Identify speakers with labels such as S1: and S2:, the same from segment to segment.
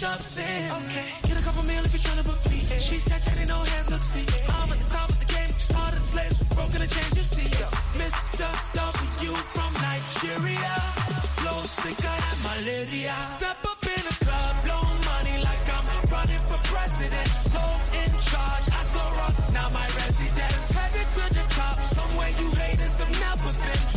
S1: push-ups in. Okay. Get a couple meal if you're trying to book Yeah. She said that ain't no hands, look, see. Yeah. I'm at the top of the game. Started slaves, broken you see. Yeah. Mr. W from Nigeria. Flow sicker than malaria. Step up in the club, blow money like I'm
S2: running for president. So in charge, I saw rock, now my residence. Headed to the top, somewhere you haters have never been.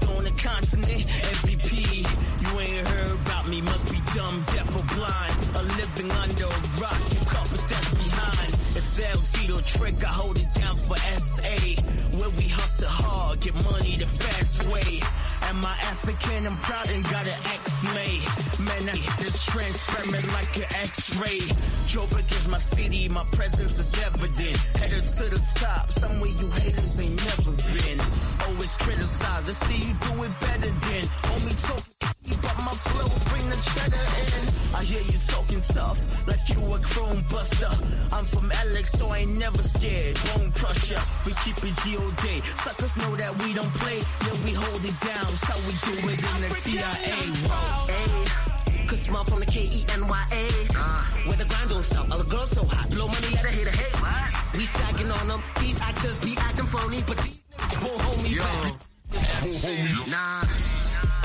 S3: Famous on the continent, MVP. You ain't heard about me, must be dumb, deaf or blind. Or living under a rock, you couple steps behind. It's LT Tito trick, I hold it down for SA. Where we hustle hard, get money the fast way. Am I African? I'm proud and got an X-May. Man, I this transparent like an X-ray. Joburg is my city, my presence is evident. Headed to the top, somewhere you haters ain't never been. Always criticize, I see you do it better than. Homie, talk, but my flow bring the cheddar in. I hear you talking tough, like you a chrome buster. I'm from Alex, so I ain't never scared. Won't crush ya. We keep
S4: it G.O.D. Suckers know that we don't play, yeah, we hold it down. So we do it in the CIA. Whoa, hey. i small from the K-E-N-Y-A. Uh, Where the grind don't stop. All the girls so hot. Blow money, at a hit her hate. What? We stacking on them. These actors be acting phony, but these won't hold me Yo. back. Nah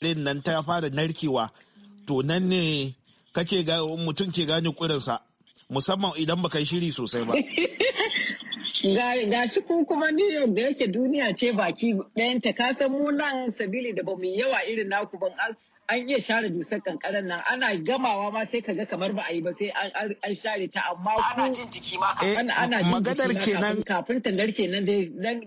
S3: din nan ta fara narkewa to nan ne kake ga mutum ke gane kurinsa musamman idan baka yi shiri sosai ba
S4: ga shi ku kuma ni da yake duniya ce baki ɗayanta ka san mu nan sabili da ba yawa irin naku ban an iya share dusar kankaran nan ana gamawa ma sai ka ga kamar ba a yi ba sai an share ta amma ana jin jiki ma eh, ana magadar kenan kafin ta narke nan dai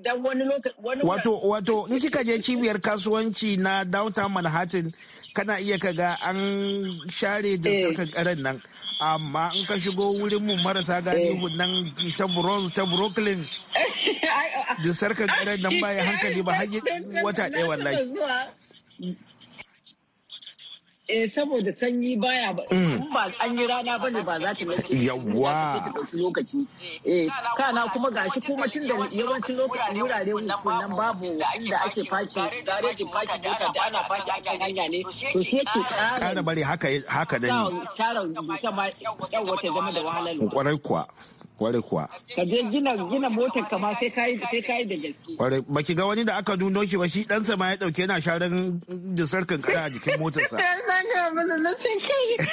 S4: dan wani lokaci wato
S3: wato in kika je cibiyar kasuwanci na downtown Manhattan kana iya kaga an share dusar eh. kankaran nan amma in ka shigo wurin mu marasa galihu eh. nan ta bronze ta brooklyn
S4: dusar sarkar nan nan baya hankali ba hanyar wata ɗaya wallahi Eh saboda sanyi baya ba. Mm. ba an yi rana bane ba za ta mai Yawwa. Lokaci. Eh, kana kuma ga shi kuma tun da yawancin lokacin wurare nan babu inda ake faki garejin faki mota da ana faki a kan hanya ne. To shi yake kara. bari haka
S3: haka da ni.
S4: zama da wahalar.
S3: Kwarai kuwa. Kware kuwa.
S4: Ka je gina gina motar kama sai kayi sai da gaske.
S3: Kware ba ki ga wani da aka nuno shi ba shi dan sa ma ya dauke yana sharan da sarkan a jikin motarsa.
S4: Sai ga mana na cin kai.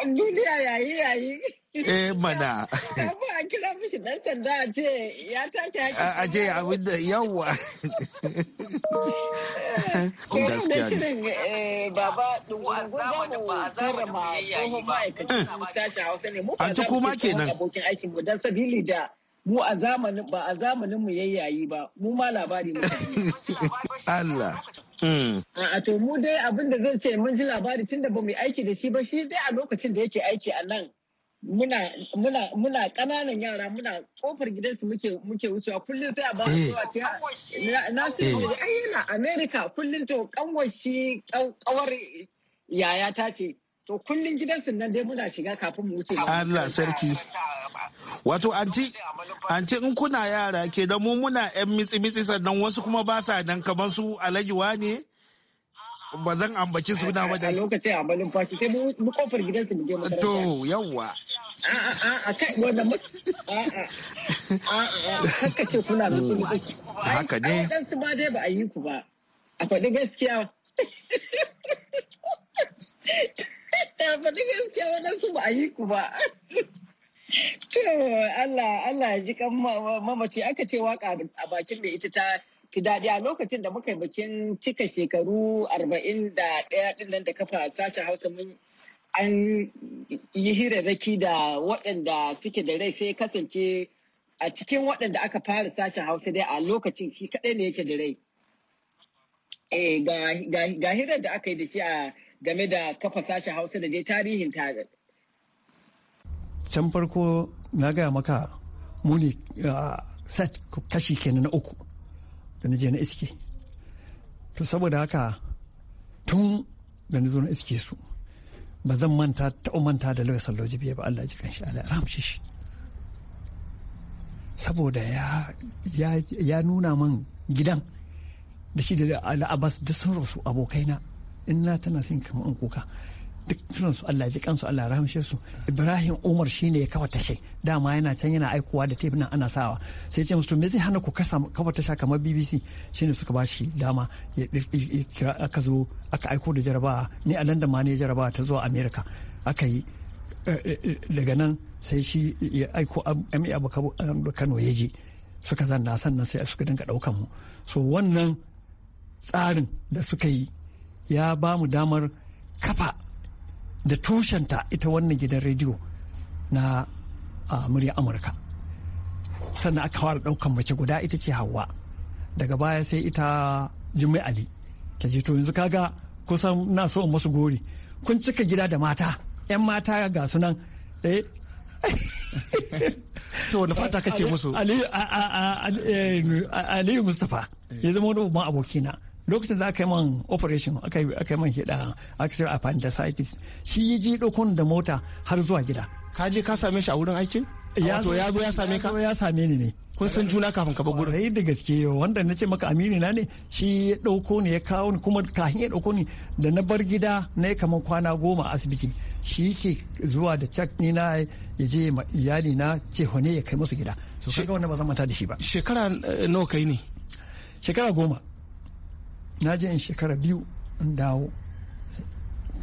S4: A duniya yayi yayi. Eh mana. Ba kira mishi dan sanda a ce ya take haƙƙi. A je abin
S3: da yawa. Eh, gaskiya
S4: ne. Baba dungun zamu karrama tsohon ma'aikacin hmm. sashen Hausa ne. Mu ba za mu ce abokin aikin mu dan sabili da mu a zamanin ba a zamanin mu yayyayi ba mu ma labari mu
S3: Allah hmm.
S4: a to mu dai abin da zan ce mun ji labari tunda ba mu aiki da shi ba shi dai a lokacin da yake aiki a nan muna muna kananan yara muna kofar gidansu muke muke wucewa kullum sai a ba su eh. zuwa ce na eh. su ai yana America kullum to kanwashi kawar yaya ta ce to kullum gidansu nan dai muna shiga kafin mu wuce Allah
S3: sarki wato anti anti in kuna yara ke da mu muna yan mitsi mitsi sannan wasu kuma ba sa dan kamar su alajuwa ne ba zan ambaci
S4: suna ba da a lokacin a malin fashi sai mu kofar gidan mu je makaranta to yawwa a kai wanda haka ce kuna mutum haka ne dan su ba dai ba a ku ba a faɗi gaskiya a faɗi gaskiya wadansu ba a yi ku ba to Allah Allah ji kan mamaci aka ce waka a bakin da ita ta fi daɗi a lokacin da muka yi bikin cika shekaru arba'in da ɗaya ɗin nan da kafa sashen hausa mun an yi hirarraki da waɗanda suke da rai sai kasance a cikin waɗanda aka fara sashen hausa dai a lokacin shi kaɗai ne yake da rai eh, ga hirar da aka yi da shi a game da kafa sashen hausa da dai tarihin tarin
S5: can farko na gaya maka muni ah, set kashi kenan na uku da na je na iske to saboda haka tun da na zo na iske su ba zan manta ta manta da lauya salloji biya ba Allah ji shi Allah ramshi shi saboda ya nuna man gidan da shi da Abbas da sun rasu abokaina in na tana sin kamar an kuka duk su Allah ji kansu Allah rahamshe su Ibrahim Umar shine ya kafa tashe dama yana can yana aikowa da tape ana sawa sai ce musu me zai hana ku kasa kafa tasha kamar BBC shine suka ba shi dama ya kira aka zo aka aiko da jarabawa ni a London ma ne jarabawa ta zuwa America aka yi eh, eh, eh, daga nan sai shi ya aiko MA Abu Kano ya je suka zanna sannan sai suka dinga daukan mu so wannan tsarin da suka yi ya ba mu damar kafa da tushenta ita wannan gidan rediyo na murya amurka sannan aka fara ɗaukan mace guda ita ce hawa daga baya sai ita jimai ali ta je to yanzu kaga kusan na so masu gori kun cika gida da mata 'yan mata ga sunan eh to wani fata kake musu aliyu mustapha ya zama wani babban abokina lokacin da aka yi man operation aka yi man hida aka ce appendicitis shi yi ji ɗaukon da mota har zuwa gida ka je ka same shi a wurin aikin ya zo ya zo ya same ka ya same ni ne kun san juna kafin ka bar gurin rai da gaske wanda na ce maka amini na ne shi ya dauko ni ya kawo ni kuma kafin ya dauko ni da na bar gida na yi kamar kwana goma a asibiti shi ke zuwa da cak ni na ya je iyali na ce hone ya kai musu gida so kaga wannan ba zan manta da shi ba shekara eh, nawa kai ne shekara goma na je in shekara biyu in dawo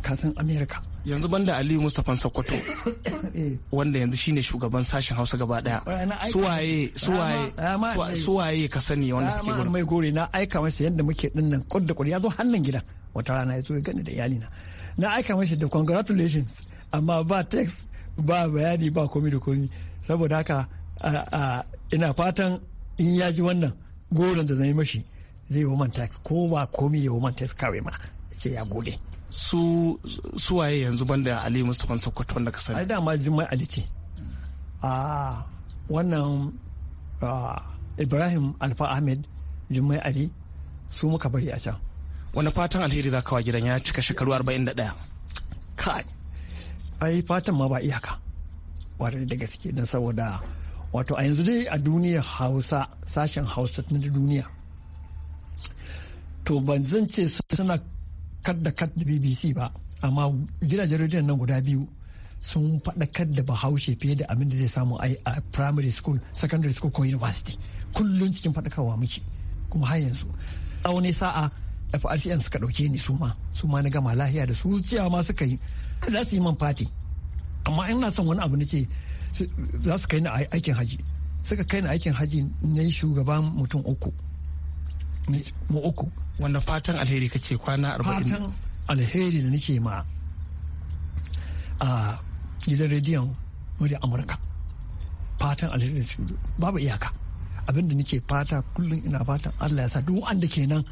S5: kasan america
S1: yanzu banda aliyu mustapha sokoto eh. wanda yanzu shine shugaban sashen hausa gaba daya suwaye suwaye suwaye ka sani wanda suke gudu mai
S5: gore na aika masa yadda muke dinnan kudda kudi ya zo hannun gidan wata rana ya zo ya gani da iyalina na aika masa da congratulations amma ba text ba bayani ba komi da komi saboda haka ina fatan in yaji wannan goron da zai mashi zai woman tax ko ba komi ya woman tax kawai ma sai ya gode
S1: su suwaye yanzu banda ali mustapha sokoto wanda ka sani
S5: ai dama jimai ali ce a wannan ibrahim alfa ahmed jimai ali su muka bari a can wani fatan alheri za
S1: kawo gidan ya cika shekaru 41
S5: kai ai fatan ma ba iyaka wadda da gaske don saboda wato a yanzu dai a duniyar hausa sashen hausa na duniya to ban zan ce suna kadda da da bbc ba amma gidajen rediyon nan guda biyu sun faɗakar da bahaushe fiye da abin da zai samu a primary school secondary school ko university kullum cikin faɗakarwa muke kuma har yanzu a wani sa'a frcn suka ɗauke ni su ma su ma na gama lahiya da su cewa ma suka yi za su yi man fati amma ina son wani abu na ce za su kai ni aikin haji suka kai ni aikin haji na yi shugaban mutum uku mu uku wanda fatan alheri kace kwana 40 fatan alheri da nake ma a gidan rediyon muri amurka fatan alheri da babu iyaka abinda nake fata kullum ina fatan allah ya sa duk wanda kenan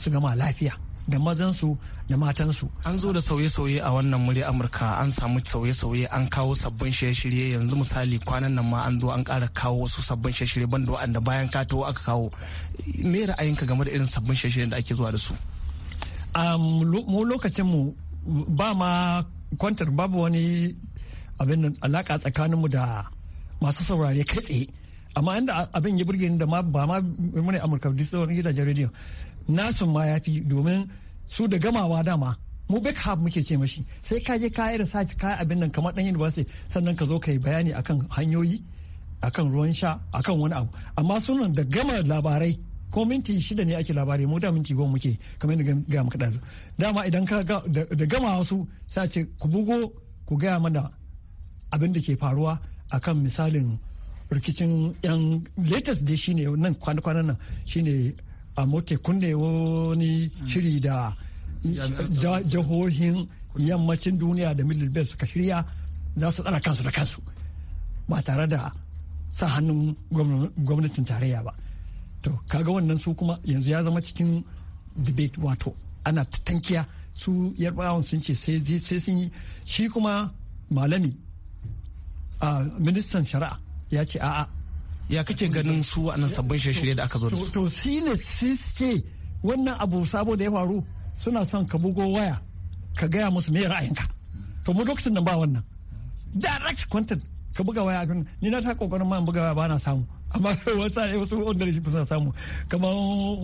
S5: su gama lafiya da mazansu da matansu.
S1: An zo da sauye-sauye a wannan murya Amurka an samu sauye-sauye an kawo sabbin shirye-shirye yanzu misali kwanan nan ma an zo an ƙara kawo wasu sabbin shirye-shirye banda wa'anda bayan katowa aka kawo. Me ra'ayinka game da irin sabbin shirye-shiryen da ake zuwa da su?
S5: Mu lokacin mu ba ma kwantar babu wani abin alaka tsakaninmu da masu saurare kai tsaye. amma inda abin ya burge ni da ma ba ma mune amurka da sauran gidajen rediyo nasun ma ya fi domin su da gamawa dama mu back hub muke ce mashi sai ka je kayi research yi abin nan kamar dan university sannan ka zo ka yi bayani akan hanyoyi akan ruwan sha akan wani abu amma sunan da gama labarai ko minti shida ne ake labarai mu da minti goma muke kamar yadda ga muka dazu dama idan ka da gama wasu sai ce ku bugo ku gaya mana abin da ke faruwa akan misalin rikicin yan latest dai shine nan kwana-kwanan nan shine a moke kunne wani shiri da jihohin yammacin duniya da middle belt suka shirya za su tsara kansu da kansu ba tare da sa hannun gwamnatin tarayya ba to kaga wannan su kuma yanzu ya zama cikin debate wato ana tankiya su yarbawan sun ce sai sun yi shi kuma malami a ministan shari'a ya ce a'a ya
S1: kake ganin su
S5: a nan sabbin shirye da aka zo da su to shi ne siske wannan abu sabo da ya faru suna son ka bugo waya ka gaya musu me ra'ayinka to mu lokacin nan ba wannan direct content ka buga waya kan ni na ta kokarin ma buga waya ba na samu amma wasu ne wasu wanda shi fusa samu kamar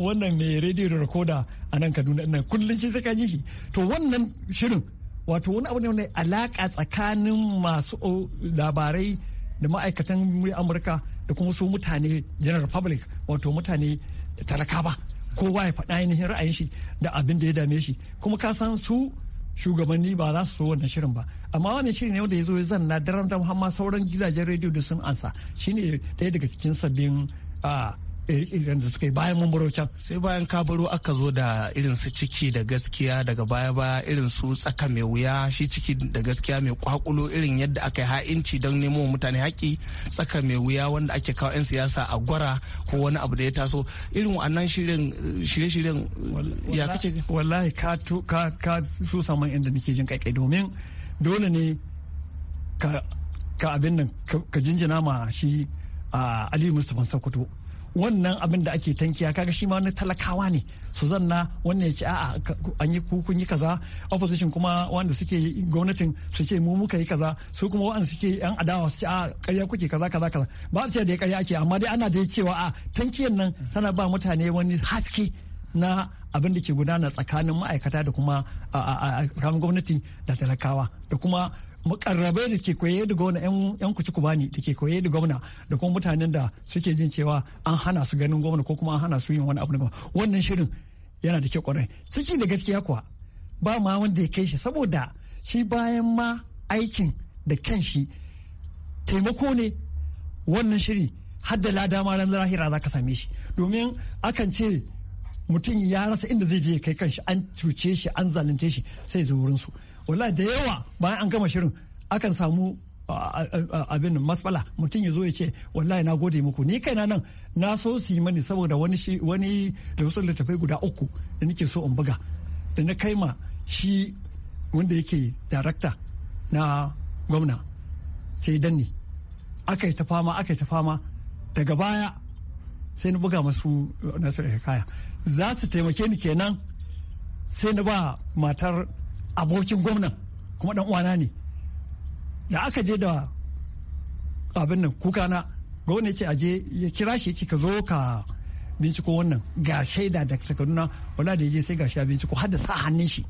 S5: wannan mai rediyo da rekoda a nan Kaduna ina kullun shi sai ka ji shi to wannan shirin wato wani abu ne wani alaka tsakanin masu labarai da ma'aikatan amurka da kuma su mutane general public wato mutane talaka ba kowa ya faɗa ainihin ra'ayin shi da abin da ya dame shi kuma ka san su shugabanni ba za su so wannan shirin ba amma wannan shirin ne wanda ya zo ya zanna daren da sauran gidajen rediyo da sun ansa shine ɗaya daga cikin sabbin ah, irin da suka yi bayan mun baro can
S1: sai bayan ka baro aka zo da irin su ciki da gaskiya daga baya baya irin su tsaka mai wuya shi ciki da gaskiya mai kwakulo irin yadda aka yi ha'inci don nemo mutane haƙi tsaka mai wuya wanda ake kawo 'yan siyasa a gwara ko wani abu da ya taso
S5: irin shirin shirye-shiryen ya kace wallahi ka su saman inda nake jin kaikai domin dole ne ka abin nan ka jinjina ma shi ah, ali mustapha sokoto wannan abin da ake tankiya kaga shi ma wani talakawa ne su zanna wannan ya ce a'a an yi kukun yi kaza opposition kuma wanda suke gwamnatin su ce mu muka yi kaza su kuma wanda suke yan adawa su ce a karya kuke kaza kaza kaza ba su ce da karya ake amma dai ana da cewa a tankiyan nan tana ba mutane wani haske na abin da ke gudana tsakanin ma'aikata da kuma a tsakanin gwamnati da talakawa da kuma makarrabai da ke koye da gwamna yan kuci kubani da ke koye da gwamna da kuma mutanen da suke jin cewa an hana su ganin gwamna ko kuma an hana su yin wani abu na gwamna wannan shirin yana da kyau kwarai ciki da gaskiya kuwa ba ma wanda ya kai shi saboda shi bayan ma aikin da kyan shi taimako ne wannan shiri haddala lada ma ran lahira za ka same shi domin akan ce mutum ya rasa inda zai je kai kanshi an cuce shi an zalunce shi sai wurin su. wallahi da yawa bayan an gama shirin akan samu abin masfala mutum ya zo ya ce wallahi na gode muku ni kaina nan na so su yi mani saboda wani shi wani da wasu guda uku da nake so in buga da na kai ma shi wanda yake darakta na gwamna sai danni aka yi ta aka yi ta daga baya sai na buga masu nasu kaya za su taimake ni kenan sai na ba matar abokin gwamnan kuma dan uwana ne da aka je da abin nan kuka na gwamna ya ce aje ya kira shi ci ka zo ka binciko wannan ga shaida da takaduna wala da ya je sai ga shi binciko har da sa hannun shi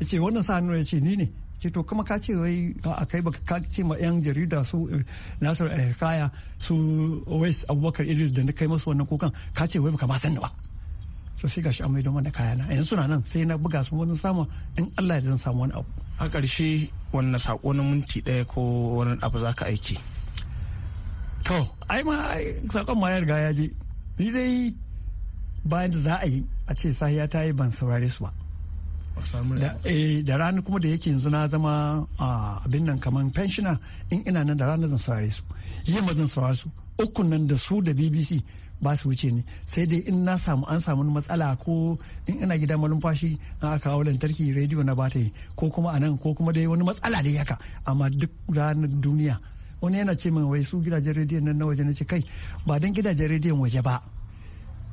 S5: ya ce wannan sa hannun ya ce ni ne ce to kuma ka ce wai a kai baka ka ce ma yan jarida su eh, Nasiru Alkaya su Wais Abubakar Idris da na kai masu wannan kukan ka ce wai baka ma san ba to sai gashi idan wani mana kayana yanzu suna nan sai na buga su wani samu in Allah da zan samu wani abu
S1: a ƙarshe wannan sako na minti ɗaya ko wani abu za ka aiki
S5: to ai ma sakon ma ya riga ya je ni dai bayan da za a yi a ce sahiya ta yi ban saurare su ba eh, da rana kuma da yake yanzu na zama abin nan kamar pensioner in ina nan da rana zan saurare su yi ma zan saurare su ukun nan da su da bbc ba su wuce ni sai dai in na samu an samu matsala ko in ina gida malumfashi na aka kawo lantarki rediyo na bata yi ko kuma anan ko kuma dai wani matsala dai haka amma duk ranar duniya wani yana ce min wai su gidajen rediyon nan na waje na ce kai ba dan gidajen rediyon waje ba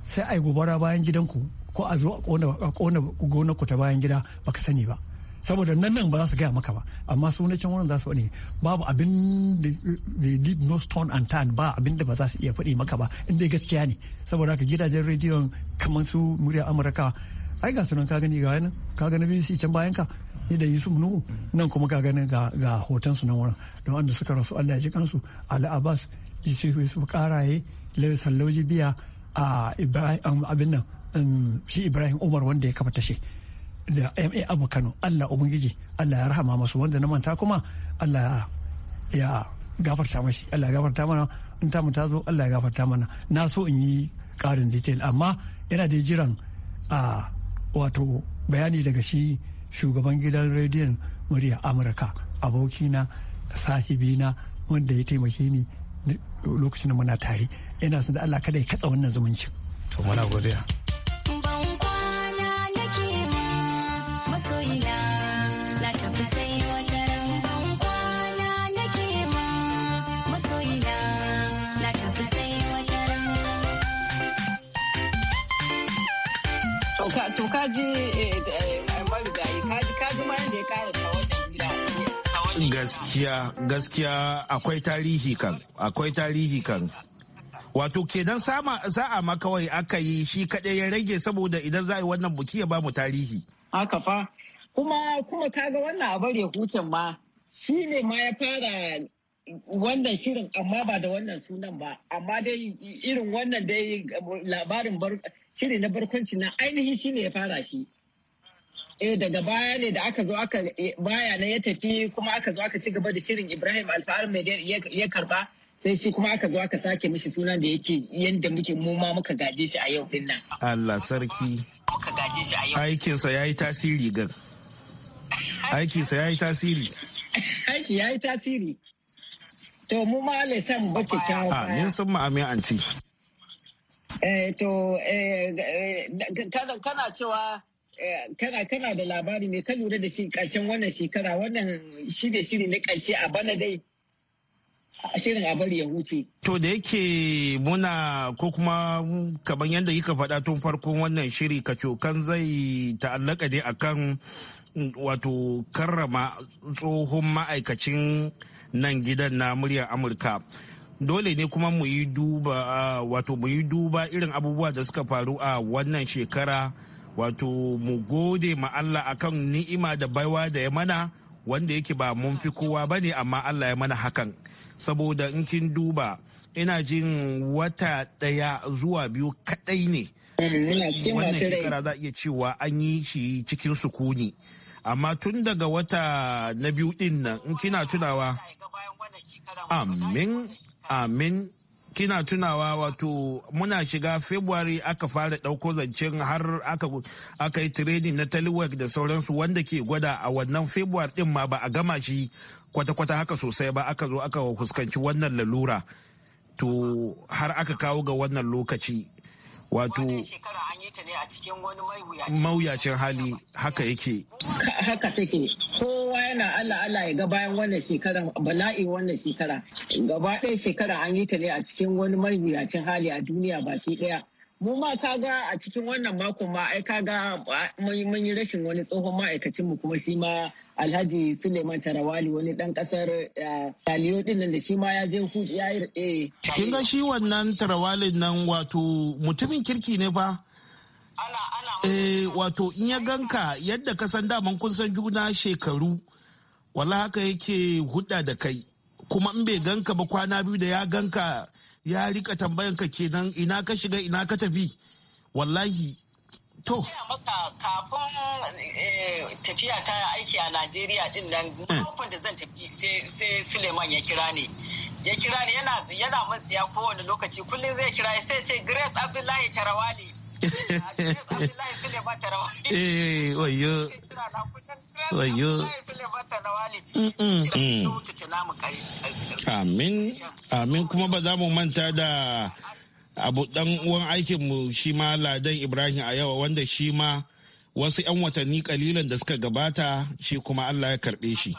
S5: sai ai gobara bayan gidanku ko a zo a kona gonaku ta bayan gida baka sani ba saboda nan nan ba za su gaya maka ba amma su na can wurin za su wani babu abin da they did no stone and turn ba abin da ba za su iya faɗi maka ba inda gaskiya ne saboda ka gidajen rediyon kamar su murya amurka ai ga sunan ka gani ga nan ka gani BBC can bayan ka ni da Yusuf Nuhu nan kuma ka gani ga hoton su nan wurin don wanda suka rasu Allah ya ji kansu Ali Abbas Yusuf Yusuf Karaye Lawal Sallauji Biya a ah, Ibrahim abin nan um, shi Ibrahim Umar wanda ya kafa tashe da ma abu kano allah ubangiji allah ya rahama masu wanda na manta kuma allah ya gafarta mashi allah ya gafarta mana in ta ta zo allah ya gafarta mana na so in yi karin detail amma yana da jiran a wato bayani daga shi shugaban gidan rediyon murya amurka abokina sahibina wanda ya taimake ni lokacin da muna tare yana sun da allah kada ya katsa wannan zumuncin to
S1: muna godiya
S4: kaji eh, eh,
S3: gaskiya gaskiya akwai tarihi kan akwai tarihi kan wato kenan sama sa'a ma kawai aka yi shi kaɗai ya rage saboda idan za a yi wannan buki ya mu tarihi haka fa
S4: kuma kuma kaga wannan a bare hucin ma shi ne ma ya fara wannan shirin amma ba da wannan sunan ba amma dai irin wannan dai labarin shine na barkwanci na ainihi shine ya fara shi eh daga baya ne da aka zo aka eh, baya na ya tafi kuma aka zo aka ci gaba da shirin Ibrahim Alfa'ar mai ya karba sai shi kuma aka zo aka sake mishi sunan da yake yadda muke mu ma muka gaje shi a yau din nan
S3: Allah sarki
S4: muka gaje shi a yau
S3: aikinsa yayi tasiri ga aikinsa yayi tasiri
S4: aiki yayi tasiri to mu
S3: ma Allah ya sa mu bakke kyawu amin sun mu amin anti
S4: Eh, to, eh, eh, kana cewa kana kana da labari ne ka lura da shi karshen wannan shekara wannan shirye shirye na kashi a bana dai shirin a bari ya huce.
S3: To da yake muna ko kuma kamar yadda kika faɗa tun farkon wannan shiri kacokan zai ta'allaka ne akan wato karrama tsohon ma'aikacin nan gidan na muryar Amurka. dole ne kuma mu yi duba wato mu yi duba irin abubuwa da suka faru a wannan shekara wato mu gode ma Allah akan ni'ima da baiwa da ya mana wanda yake ba mun fi kowa ba ne amma Allah ya mana hakan saboda in kin duba ina jin wata ɗaya zuwa biyu kaɗai ne mm, wannan shekara za iya cewa an yi shi cikin sukuni amma tun daga wata na biyu ɗin nan in kina tunawa amin Amin. Kina tunawa wato muna shiga February aka fara ɗauko zancen har aka, yi training na telework da sauransu wanda ke gwada a wannan February ɗin ma ba a gama shi kwata-kwata haka sosai ba aka zo aka fuskanci wannan lalura. To har aka kawo ga wannan lokaci. wato mawuyacin hali haka yake
S4: haka take kowa yana allah allah ya ga bayan wannan shekara bala'i wannan shekara gaba ɗaya shekara an yi ta ne a cikin wani mawuyacin hali a duniya baki ɗaya mu ma ka ga a cikin wannan makon ma ai ka ga mun yi rashin wani tsohon ma'aikacin mu kuma shi ma Alhaji Suleiman Tarawali wani dan kasar Taliyo eh, din nan da shi ma ya je hu ya yi eh. Kin ga shi
S3: wannan Tarawalin nan wato mutumin kirki ne fa Eh wato in ya ganka yadda ka san daman kun san juna shekaru wala haka yake hudda da kai kuma in bai ganka ba kwana biyu da ya ganka ya rika tambayan ka kenan ina ka shiga ina ka tafi
S5: wallahi to maka kafin eh, tafiya ta
S4: aiki a Najeriya din nan eh. kafin da zan tafi sai Suleiman ya kira ni ya kira ni yana yana matsiya kowane lokaci kullum zai kira sai ce Grace Abdullahi Tarawali Grace Abdullahi Suleiman Tarawali eh wayo Wayo. Amin.
S3: Amin kuma ba za mu manta da abu dan uwan aikinmu shi ma Ladan Ibrahim a yawa wanda shi ma wasu 'yan watanni kalilan da suka gabata shi kuma Allah ya karbe shi.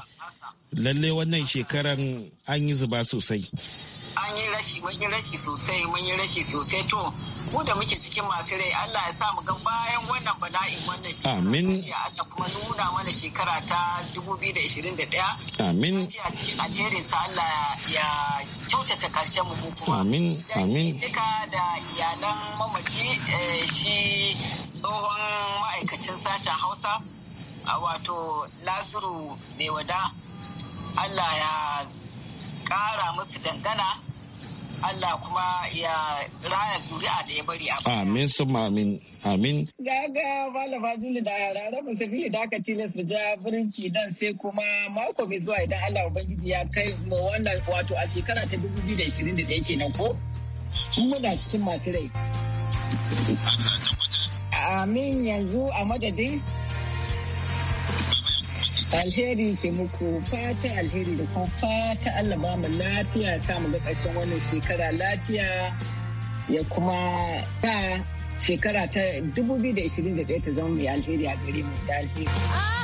S3: Lalle wannan shekaran an yi zuba sosai.
S4: An yi rashi, mun yi rashi sosai, mun rashi sosai to mu da muke cikin masu rai Allah ya sa mu ga bayan wannan bala'in wannan shekara amin Allah kuma nuna mana shekara ta 2021 amin a cikin alherin sa Allah ya kyautata karshen mu kuma amin amin duka da iyalan mamaci eh, shi tsohon ma'aikacin sashen Hausa a wato Nasiru Mewada Allah ya ƙara musu dangana Allah kuma ya raya zuri'a da ya bari a Amin sun amin. Amin. Ga ga Bala Juli da Rarraba Sabili da aka tilasta ja birinci dan sai kuma mako mai zuwa idan Allah Ubangiji ya kai mu wannan wato a shekara ta 2021 kenan ko? Mun muna cikin masu rai. Amin yanzu a madadin alheri ke muku fata alheri da kuma fata Allah ba mu lafiya ta mu ga ƙarshen wannan shekara lafiya ya kuma ta shekara ta 2021 ta zama mai alheri a gare mu da alheri.